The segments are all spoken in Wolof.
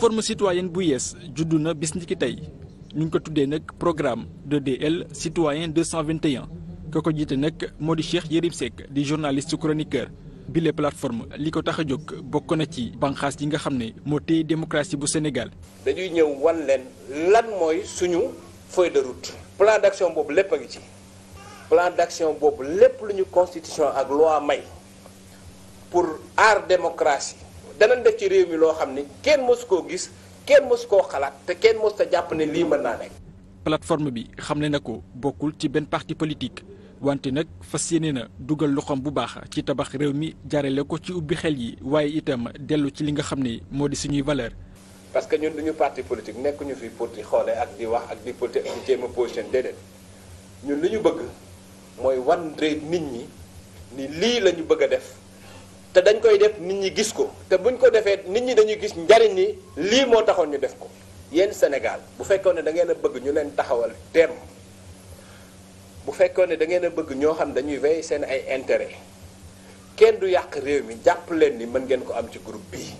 plateforme citoyenne bu yees juddu na bis ndikki ki tey ñu ngi ko tuddee nag programme 2DL citoyen 221 ko ko jiite nag moo di Cheikh Yérim Seck di journaliste chroniqueur bile plateforme li ko tax a jóg bokk na ci banqaas yi nga xam ne moo téye démocratie bu Sénégal. dañuy ñëw wan leen lan mooy suñu feuille de route. plan d'action boobu lépp a ngi ci plan d'action boobu lépp lu ñu constitution ak loi may pour aar démocratie. danañ def ci réew mi loo xam ni kenn mës koo gis kenn mës koo xalaat te kenn mës sa jàpp ne lii mën naa nekk. plateforme bi xam ne na ko bokkul ci benn parti politique wante nag fas yéene na dugal loxoom bu baax ci tabax réew mi jaarale ko ci ubbi xel yi waaye itam dellu ci li nga xam ne moo di suñuy valeur parce que ñun duñu parti politique nekkuñu fi pour di xoolee ak di wax ak di politique ak di jéem a position déedéet ñun li ñu bëgg mooy wan réew nit ñi ni lii la ñu bëgg a def. te dañ koy def nit ñi gis ko te buñ ko defee nit ñi dañuy gis njariñ ni lii moo taxoon ñu def ko yéen Sénégal bu fekkoon ne da ngeen a bëgg ñu leen taxawal teem bu fekkoon ne da ngeen a bëgg ñoo xam dañuy veille seen ay intérêt kenn du yàq réew mi jàpp leen ni mën ngeen ko am ci groupe bii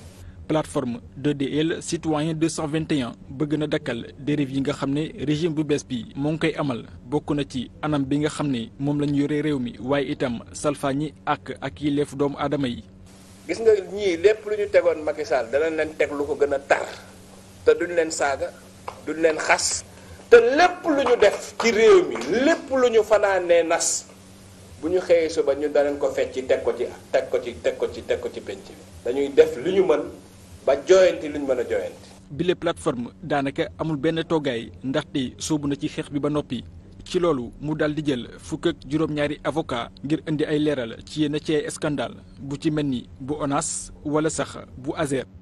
plateforme 2DL citoyen 221 bëgg na dakkal dérive yi nga xam ne régime bu bees bi moo ngi koy amal bokk na ci anam bi nga xam ne moom la ñu yore réew mi waaye itam salfaañi ak ak yelleef doomu aadama yi. gis nga ñii lépp lu ñu tegoon Macky Sall danañ leen teg lu ko gën a tar te duñ leen saaga duñ leen xas te lépp lu ñu def ci réew mi lépp lu ñu fanaanee nas. bu ñu xëyee suba ñu danañ ko fecc teg ko ci teg ko ci teg ko ci teg ko ci penc dañuy def li ñu mën ba joyanti daanaka amul benn toggaay ndaxte soobu na ci xeex bi ba noppi ci loolu mu daal di jël fukk ak juróom-ñaari avocat ngir indi ay leeral ci yenn ci ay scandale bu ci mel ni bu ONAS wala sax bu ASER.